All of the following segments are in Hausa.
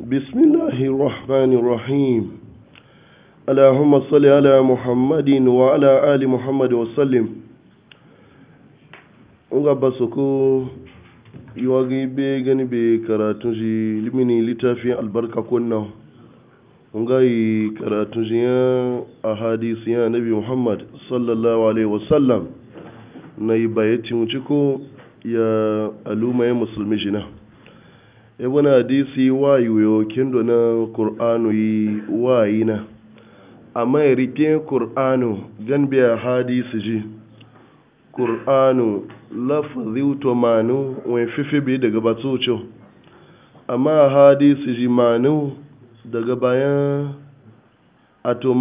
بسم الله الرحمن الرحيم اللهم صل على محمد وعلى آل محمد وسلم yiwagi be gani be karatun shi limini littafin albarka kunna nga karatun shi ya a hadisi ya nabi muhammad sallallahu alaihi na yi ya na ibn hadisi wayu yo kindo na qur'anu yi wayina amma rike qur'anu gan biya hadisi ji qur'anu lafzi manu wen fifi bi daga batucho amma hadisi ji manu daga bayan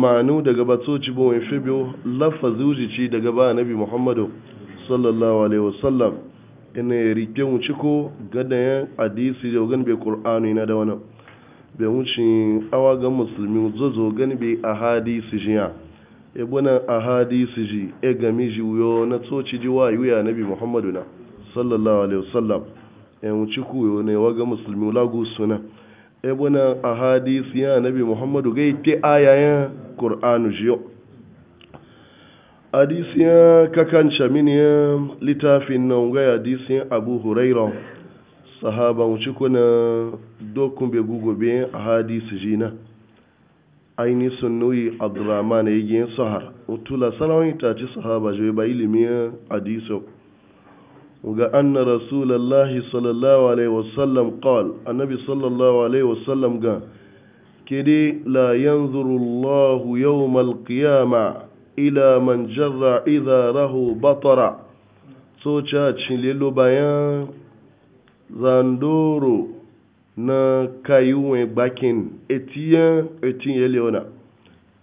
manu daga batuci bo wen fibi lafazi uji ci daga ba nabi muhammadu sallallahu alaihi wasallam ina ya rike mu ciko gada ya hadisi da gani bai qur'ani na da wani bai wuce awa ga musulmi zozo gani bai a hadisi shi ya e buna a hadisi ji e gami ji wuyo na tsoci ji wa yuya nabi muhammadu na sallallahu alaihi wasallam e e ya wuce ku yau ne waga musulmi lagu suna e buna a hadisi ya bi muhammadu ga ke ayayen shi yau hadisiyan kakan caminiyan littafin nan ga hadisiyan abu huraira sahaba wuce kuna dokun bai gugobe a hadisi jina aini sunnuyi abdurrahman ya yi sahar utula salawai ta ci sahaba je bai ilimin hadisi ga anna rasulallahi sallallahu alaihi wasallam qal annabi sallallahu alaihi wasallam ga kidi la yanzuru allah yawmal qiyamah ila man jarra idha rahu batara so ca cilelo bayan zandoro na kayuwe gbakin etiyan etiyan leona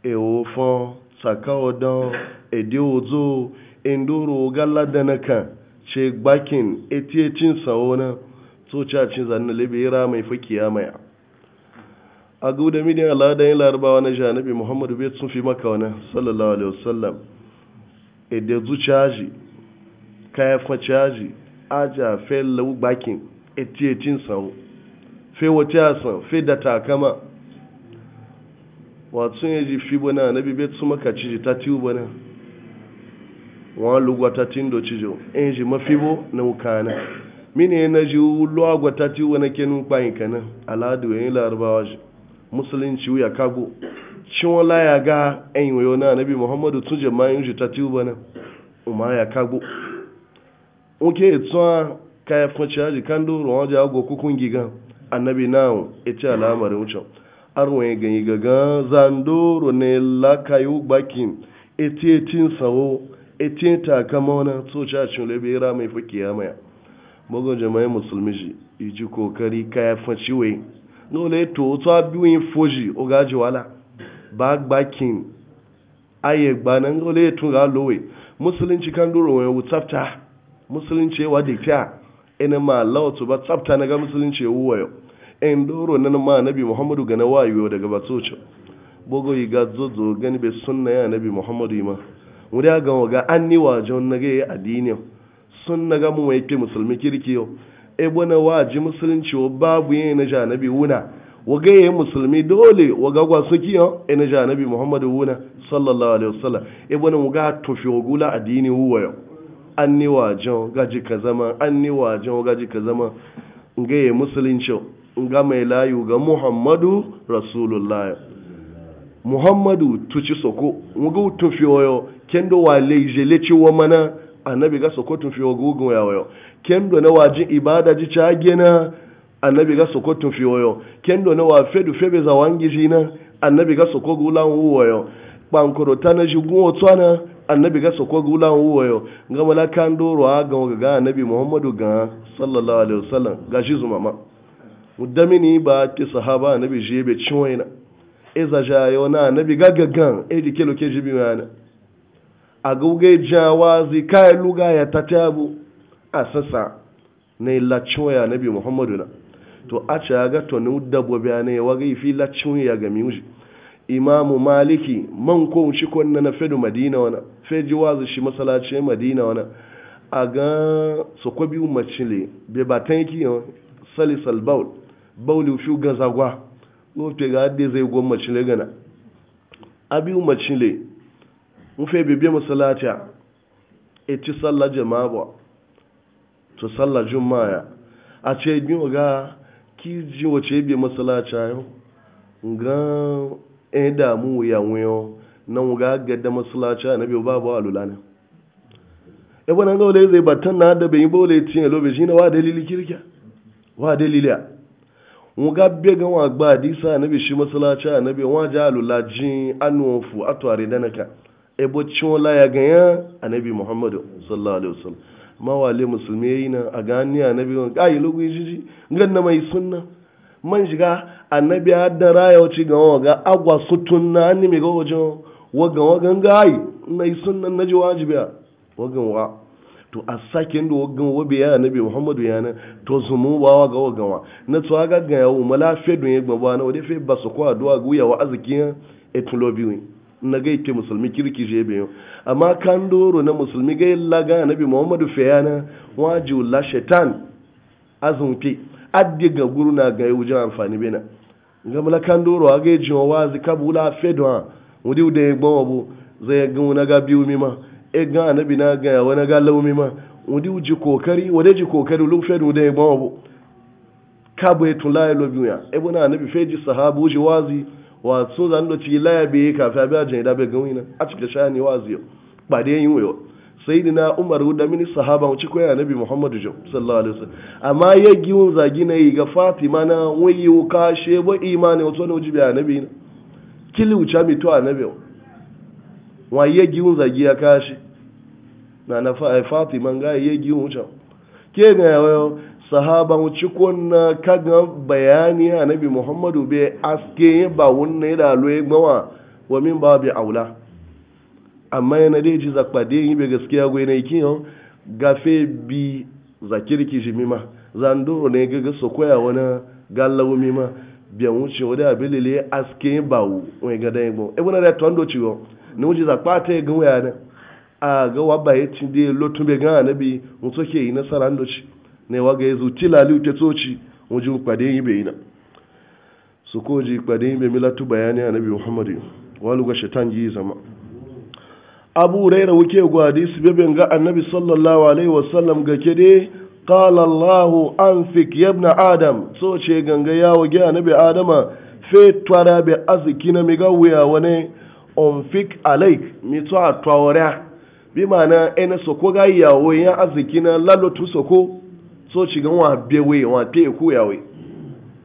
ewo fon sakawo don ede ozo endoro gala danaka che ce gbakin eti cin sawo na so ca cin zanna lebe mai fakiya mai a guda da da Allah da larabawa na janabi Muhammadu bai sun fi maka wani sallallahu alaihi wasallam ede zu caji kayafa fa caji aja fe lau bakin eti etin san fe wace san fe da takama ya ji fi bana nabi bai su maka ciji ta tiwu bana wa lugwa ta tindo cijo in ji mafibo na wukana mine na ji lugwa ta tiwu na kenu kpayin kanan aladu yin larabawa shi musulunci ya kago cinwala ya ga enyi wayo na anabi muhammadu tun je mayan shi ta tiwo bana umma ya kago oke etuwa ka ya funci haji kan doro wajen ago kukun giga annabi na ita alamar wucin arwa ya ganyi gaga zandoro ne lakayo bakin eti etin sawo etin takama wani tsocacin labe ra mai fukiya maya bugun jama'in musulmi ji iji kokari ka ya faci wai nole to to abiwin foji ogaji wala ba gbakin aye gbanan nole tun ga lowe musulunci kan duro wani wu tsafta musulunci wa da kya ina ma lawa to ba tsafta na ga musulunci wuwa yau in doro nan ma nabi muhammadu ga na wayo daga batsoci bogo yi ga zozo gani bai sunna ya nabi muhammadu ma wuri ga waga an ni wajen na ga yi addinin sun na ga mu ya ke musulmi kirki yau ebe na ji musulunci wa babu yin na janabi wuna waga yayin musulmi dole waga gwa suki yo e na janabi muhammadu wuna sallallahu alaihi wasallam ebe na waga tofi wagula addini huwa yo an ni wajen gaji ka zama an ni wajen gaji ka zama nga yayin musulunci nga mai layu ga muhammadu rasulullahi muhammadu tuci soko waga tofi yo kendo wa leje leci wa mana annabi ga sokotun fi ogugun yawayo kendo na wajin ibada ji cage na annabi ga sokotun fi oyo kendo na wa fedu febe za wangi ji na annabi ga sokogu lan wuwayo bankoro tana ji gun otwana annabi ga sokogu lan wuwayo ga malakan doro ga ga annabi muhammadu ga sallallahu alaihi wasallam ga shi zumama muddamini ba ke sahaba annabi jebe ciwoina ezajayo na annabi gaggagan e kelo loke jibi mana a gugai jawazi kayan luga ya ta tabu a sassa na yi ya na muhammadu na to a ce ya ga tonu dabbobi ne wa gai fi lacewa ya ga wuce imamu maliki man ko shi ko na na fedu madina wana feji wazi shi masalace madina wana a ga su ko biyu macile bai ba ta yake yawan salisal baul bauli shi gazagwa lofe ga hadde zai gwamma cile gana a biyu macile mufe bibiya musalata e ci salla jama'a ba to sallar juma'a a ce biyu ga ki ji wace bi masalata yau ga e damu ya wuyo na nan ga gadda masalata na ba babu alula ne e bana ga wale zai batan na da bai bole tin lobe shine wa dalili kirkiya wa daliliya wọn ga bega wọn agba adisa anabi shi masalata anabi wọn ja alula jin anu ofu ato aridana kan ebocin wala ya ganya annabi muhammadu sallallahu alaihi wasallam amma wale musulmi yayi na a gani annabi wani kayi lugu jiji ngan na mai sunna man shiga annabi hadda raya wuce ga waga agwa sutun na ni mai ga wajen wagan wagan gayi na yi sunna na ji wajibi a wagan wa to a sakin da wagan wabe ya annabi muhammadu ya na to zumu ba waga wagan wa na to aga ga yawo mala fe don ya gbaba na wade fe ba su kwa duwa guya wa azikin etulobiwin na gaike musulmi kirki je biyu amma kan doro na musulmi gai laga nabi muhammadu fayana waji la shaitan azunke adi ga guru na ga yi wujen amfani bena ga mala kan doro a gai jiwa wazi bula fedwa wudi da ya gbawa bu zai ga wuna ga biyu mima e ga anabi na ga wani ga lau mima wudi wuji kokari wade ji kokari lu fedu da ya gbawa bu kabu ya tulaye lobiya ebo na anabi feji sahabu wuji wazi wato zan da ci laya be ka a ba jin da be gawi na a cikin shani wazi ba dai yin wayo sayyidina umar da mini sahaba mu ci koya nabi Muhammadu jo sallallahu alaihi wasallam amma ya giwun zagi na yi ga fatima na wayi ka she bo imani wato ne uji biya nabi na kili a mi to anabi wa ya eh, giwun zagi ya kashi na na fatima ga ya giwun ucha ke ga wayo sahaba wuce kwanna kaga bayani annabi muhammadu bai aske ba wannan da loye gbawa wa min ba bi aula amma yana dai ji zakpade yi bai gaskiya gwai na ikin yau gafe bi zakirki shi mima zandoro ne gaga so koya wani gallawo mima biyan wuce wani abilile aske ba wani gada e yi gbawa ebe na da tuwando ciwo ne wuce zakpata ya gawa yana a ga wa baye cin dai lotun bai gana annabi mutu ke yi nasara ndoci ne waga ya zuci laliu ta tsoci wajen kwade yi bai na su ko ji kwade yi bai milatu bayani a nabi muhammadu wani ga shaitan ji zama abu raira wuke gwadi su bebe ga annabi sallallahu alaihi wasallam ga kede dai qala allah anfik yabna adam so ce ganga yawo ga annabi adama fe twara be aziki na miga wuya wani onfik alaik mi to atwara bi mana ene soko ga yawo ya aziki na lalotu tu soko so ci gan wa biye we wa pe ku ya we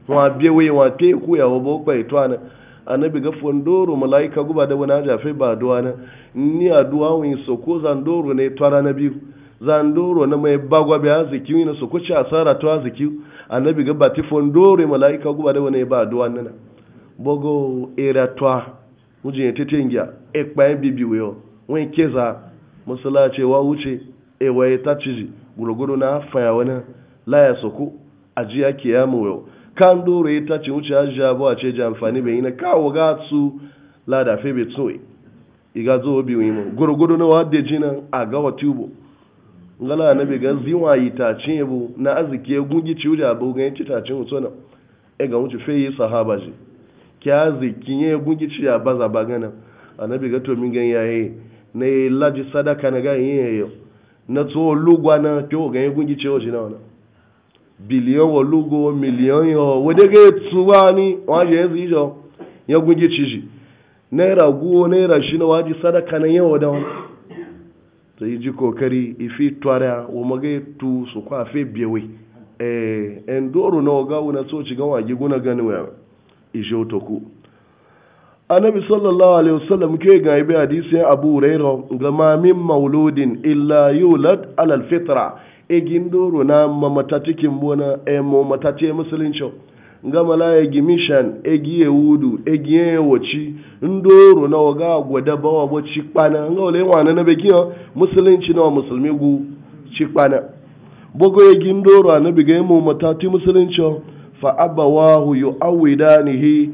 wa biye we wa pe ku ya wo bo pe to ana annabi ga fondoro malaika guba da wani jafe ba duwa na ni a aduwa wani soko zandoro ne to na biyu zandoro na mai bagwa bi aziki wani soko ci asara to ziki annabi ga bati fondoro malaika guba da wani e ba duwa na bogo era to mujin tetengia pa e bibiwe yo wani keza musala ce wa wuce ewaye ta ciji gurguru na faya wani laya soko ajiya kiyamu yau kan doro ya ta ci wuce ajiya abu a ce ji amfani bai yi na kawo ga su lada fe bai tsoye iga zo bi mu gurguru na wadda jina a gawa tubo ngala na bi ga ziwa yi ta ci yabo na azike gungi ci wuce abu ga ci ta ci wuce na e ga wuce fe yi sahaba ji kya zikin ya gungi ci ya baza na annabi ga to min gan yaye ne laji sadaka na ga yin yayo na tso lugwa na kyo ga yegun gi chewo jina wana biliyon wo lugo miliyon yo wode ge tsuwa ni wa je zi jo yegun gi chiji naira guwo naira shi na waji sadaka na yawa da wani to yi ji kokari ifi twara wa maga tu su kwa fe biyewe eh en doro na oga wuna so ci ga wagi guna ganuwa ijo toku annabi sallallahu alaihi wasallam ke ga ibe hadisi abu huraira ga min mauludin illa yulad alal alfitra e gindoro na mamata cikin bona e mo mata ce musulunci ga malaya gimishan e giye wudu e giye waci ndoro na waga gwada bawa bo cikpana ga wale wana na be giyo musulunci na musulmi gu cikpana bogo e gindoro annabi ga e mo ti musulunci fa abawahu yu'awidanihi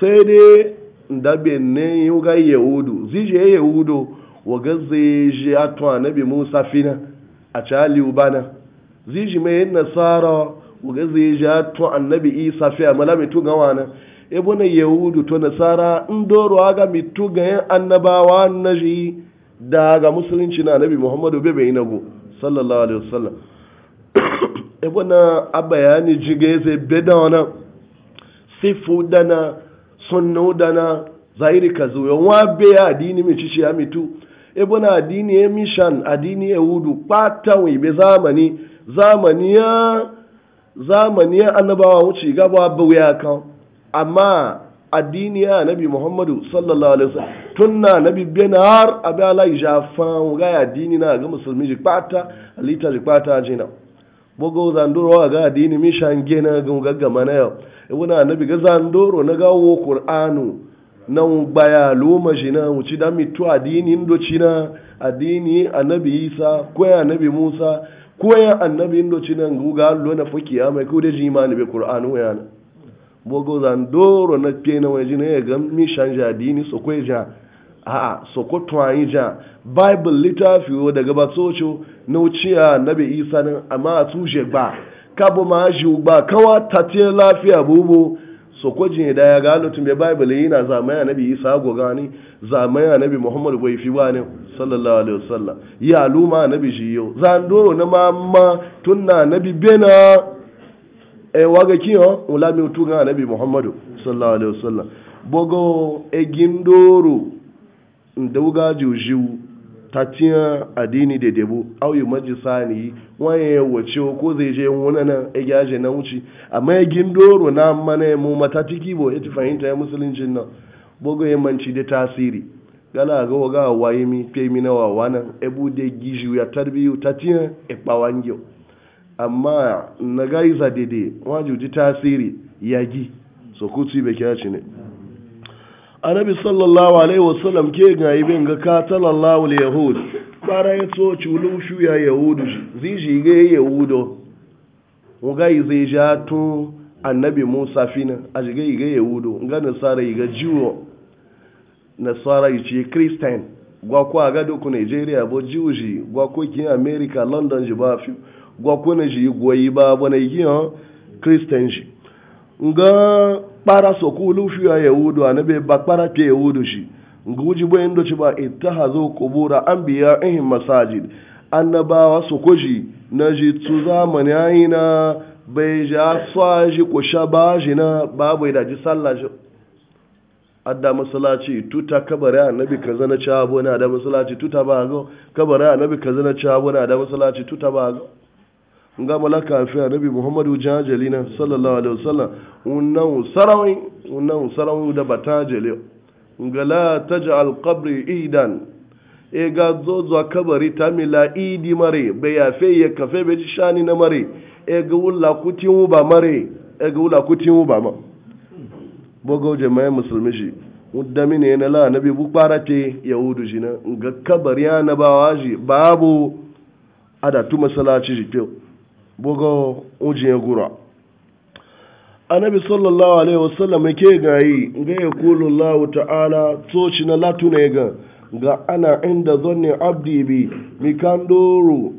sai dai dabe ne yi yehudu yahudu zije yahudu wa ga zije ato annabi musa fina a cali ubana zije mai nasara wa ga je atwa annabi isa fi amala tu gawana wana ebo na yahudu to nasara ndoro aga mitu ga annabawa annaji daga musulunci na nabi muhammadu bebe inago sallallahu alaihi wasallam ebo na abayani jigeze sai sifudana sifu dana sunna dana zahiri ka zo yon wabe ya adini mi cici ya mitu ebona adini ya mishan adini ya wudu pata wibe zamani zamani ya zamani ya annabawa wuce gaba ba ya kan amma adini ya nabi muhammadu sallallahu alaihi wasallam tunna nabi benar har abi ala ijafan ga adini na ga musulmi ji pata alita ji pata jina bogo zandoro wa ga adini mi shange na ga gaggama na yau ibuna annabi ga zandoro na ga wo qur'anu na gbaya luma jina na wuci da mitu adini indoci china adini annabi isa ko anabi annabi musa ko anabi annabi indoci na ga allo na fuki mai ko da jimani be qur'anu ya na bogo zandoro na pe na waje na ga mi shanje adini so ko ja so ko to ja bible littafi daga batsocho na wuciya nabi isa nan amma a tushe ba kabo ma shi ba kawa ta ce lafiya bubu so ko jin da ya ga lutun yi bible yana zamaya nabi isa go gani zamaya nabi muhammad bai fi ba ne sallallahu alaihi wasallam ya luma nabi shi yo zan doro na mamma tunna nabi bena e waga kiyo ulami na nabi muhammad sallallahu alaihi wasallam bogo e gindoro ndauga jujiu ta tiya adini da debu auyi majisa ne waye ya wace ko zai je wani nan ya gyaje na wuce amma ya gindoro na mana mu mata tiki bo ya fahimta ya musuluncin nan bogo ya manci da tasiri gala ga waga waye mi pe mi na wawa nan e bude giju ya tarbiyu ta tiya e pawangyo amma na gaiza dede waju ji tasiri gi so kuti be kyaci ne annabi sallallahu alaihi wasallam ke ga ibin ga katalan al yahud bara ya tso chulu shu ya yahudu zi shi ga yahudo o ga zai ja to annabi musa fina a ga ga yahudo ga nasara ga jiwo nasara yi christian gwa ko aga doku nigeria bo jiwo shi gwa ko ki america london ji ba fi gwa ko na ji goyi ba bo na yi christian ji nga kpara sokulu shi ya yahudu annabi ba kpara ke yahudu shi guji bo da chi ba ittahazu qubura anbiya ihim masajid annabawa sokoji na ji tu zamani aina na bai ja saji ko shabaji na babu da ji sallah ji adda masallaci tuta kabari annabi kaza na ci na da masallaci tuta ba go kabari annabi kaza na ci na da masallaci tuta ba go nga mala fi annabi muhammadu jajali na sallallahu alaihi wasallam unan sarawi unan sarawi da batajele nga la taj'al qabri idan e ga zozo kabari ta mila idi mare be ya fe ya kafe be shani na mare e ga wula kutin ba mare e ga wula kutin ba ma je jama'a musulmi shi muddami ne na la annabi bu parate yahudu na. nga kabari ya na waji babu ada tu masalaci jikin bugo ujiye gura annabi sallallahu alaihi wasallam ke gayi ga ya kulu ta'ala toci na latune ga ga ana inda zonin abdi bi mi kan doro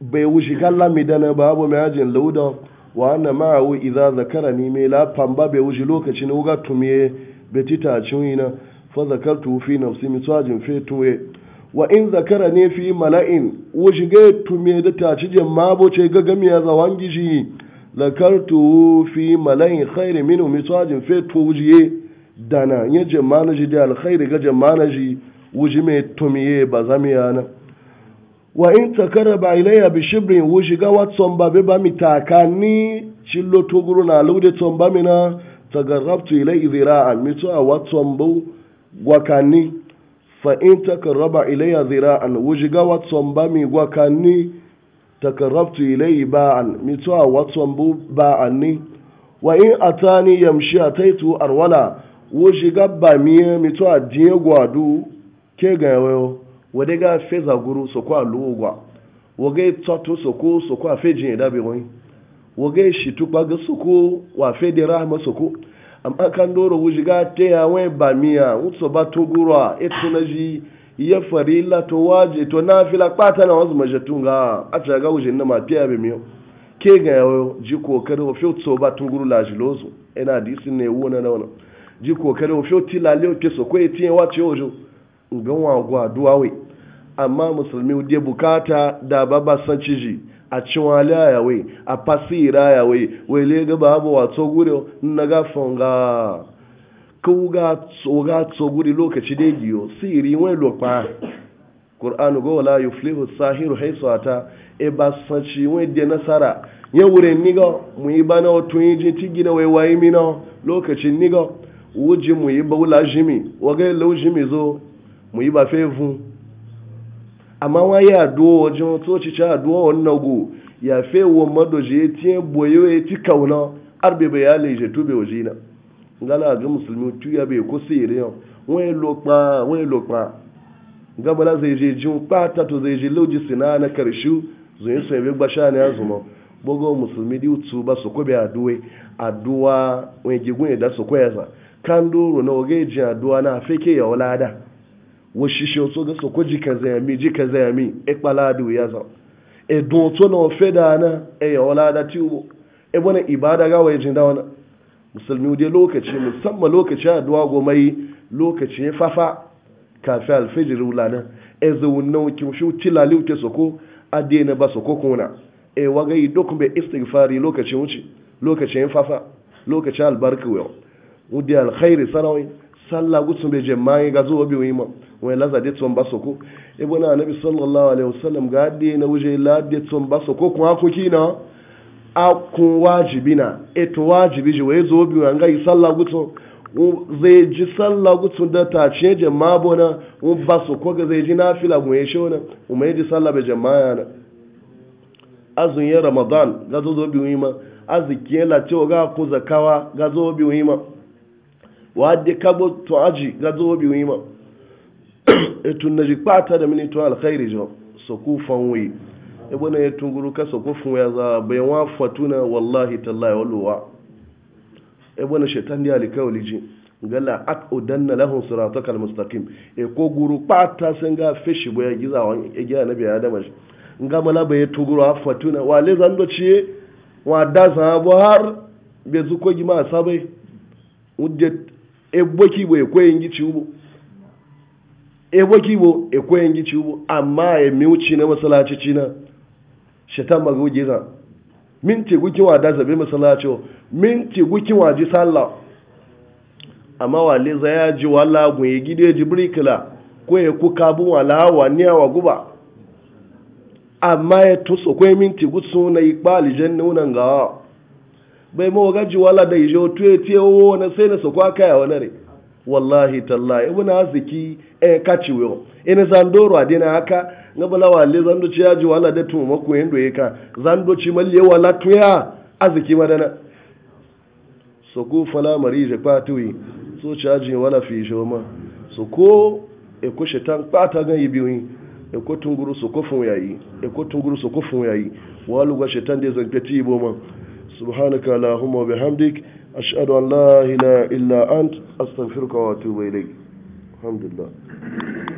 bai wushi kalla mi dana babu mai ajin lauda wa anna ma'ahu idza ni mai lafan ba bai wushi lokacin wuga tumiye betita cinina fa zakartu fi nafsi mi tsajin fetuwe wa in zakara ne fi mala'in wa ga tume da taci jemma bo ce gagami ya zawan gishi zakartu fi mala'in khairi minu misajin fe to wujiye dana ya jemma na ji da alkhairi ga jemma na ji wuji mai tumiye ba zamiya na wa in takara ba ilayya bi shibrin wa ga watson ba be ba mi takani cillo to guru na lude mi na tagarrabtu ilayhi zira'an mitu a wa tsombo gwakani fa'in takarraba ilayya zira'an wujiga watson ba mi gwakanni takarrabtu ilayyi ba'an mituwa watson bu ba'an ni wa in atani yamshi a taitu arwala wujiga ba miye mituwa diye gwadu ke ga yawayo wade ga feza guru so kwa luwa wage tatu so ko so kwa fejin idabe wani wage shi tukpa ga so ko wa fe de rahama so ko amma kan doro wujiga te ya wai ba miya utso ba to gura eto na ji ya fari to waje to na fila kpata na wasu majatun ga a ta ga wujin na ma fiya bi miyo ke ga yawo ji kokari wa fi tso ba tunguru la lozu ina da isi ne wu na wannan ji kokari wa fi tilale ke so ko etiye wa ce ojo ngan wa gwa amma musulmi da bukata da baba san ciji a cinwa yawe a fasira yawe wele ga babu wato gure na gafon ga kuga tsoga tsoguri lokaci da giyo siri wani lokpa qur'anu go la yuflihu sahiru haisu ata e ba san ci wani da nasara ya wure nigo mu yi bana otun yi jin tigina wai wayi mino lokacin nigo wuji mu yi baula jimi waga lau jimi zo mu yi ba fe fun amma wa ya duwo wajen toci ca duwo wannan go ya fe wo madoje ya tiye boyo ya ti kauna arbe bai ya leje to bai waje na ngala ga musulmi tu ya bai ko sire yo won lo pa won lo pa gabala zai je jin pata to zai je loji sina na karshu zai so bai gbasha ne azuma bogo musulmi di utu ba so ko bai aduwe aduwa won je gun da so ko kan kandoro na oge je aduwa na feke ya olada wòṣìṣẹ́ òtó gẹ́sọ̀ kó jìkà zẹ̀yàmí jìkà zẹ̀yàmí ẹ̀pàládì òyàzọ̀ ẹ̀dùn òtó náà fẹ́ dáadáa ẹ̀yà ọ̀làdá tí ó ẹ̀bọ́n ìbáda gáwọ̀ ẹ̀jìn dáwọn musulmi wùdí lókàcí musamman lokaci addu'a gomai lókàcí fafa kafin alfijir wulana e náà naukin shi tilali uke soko adena ba soko kuna e waga yi dokun bai istighfari lokacin wuce lokacin fafa lokacin albarka wuyo wudi alkhairi sarawin sallah gutsun bai jemma ga zuwa bi wima wani laza de tsomba soko ko bona nabi annabi sallallahu alaihi wasallam ga de na wuje la de tsomba soko ko kuma ko kina a ku wajibi na e to wajibi je wai zuwa bi wanga yi sallah gutsun zai ji sallah gutsun da ta ce jemma bona un baso ko ga zai ji nafila mu ya shona mai ji sallah be jemma yana azun ya ramadan ga zuwa bi wima azikin la ga ku zakawa ga zuwa bi wima wadda kabo to aji ga zo bi wima etun na jikpata da mini to alkhairi jo so ku fanwe ebo na etun guru ka so ku fanwe za bayan wa fatuna wallahi tallahi walwa ebo na shaitan ya alkawli ji gala at udanna lahum siratakal mustaqim e ko guru pata sun feshi fishi boya giza wa e ga nabi adam nga mala baye tuguru a fatuna wale zando ciye wa da sabo har be zuko ma sabai ujet eboki bo ekweyin gici ubo amma bo ekweyin gici ubo amma ya miuci na masalaci cina shaitan mago giza min ce gukin wa da zabe masalaci min ce gukin wa ji sallah amma wale za ya ji wala gun ya gide ji brikila ko ya kuka bu wala wa niya wa guba amma ya tuso ko min ce gutsu na ikbali jannu nan ga bai mawa gaji wala da ijo ya tuye wo na sai na sokwa kaya wani re wallahi tallahi ibn aziki e eh, kaci wo ina zandoro adina haka ngabala wale zando ci yaji wala da tumu mako yendo yeka zando ci malle wala tuya aziki madana so ko fala mari je patui so ci yaji wala fi joma so ko e ko shetan pata ga yibiwi e ko tunguru so ko fun yayi e ko tunguru so ko fun yayi walu ga shetan de zan kati boma. subhanaka bi bihamdik ashhadu an la ilaha illa ant astaghfiruka wa atubu ilayk alhamdulillah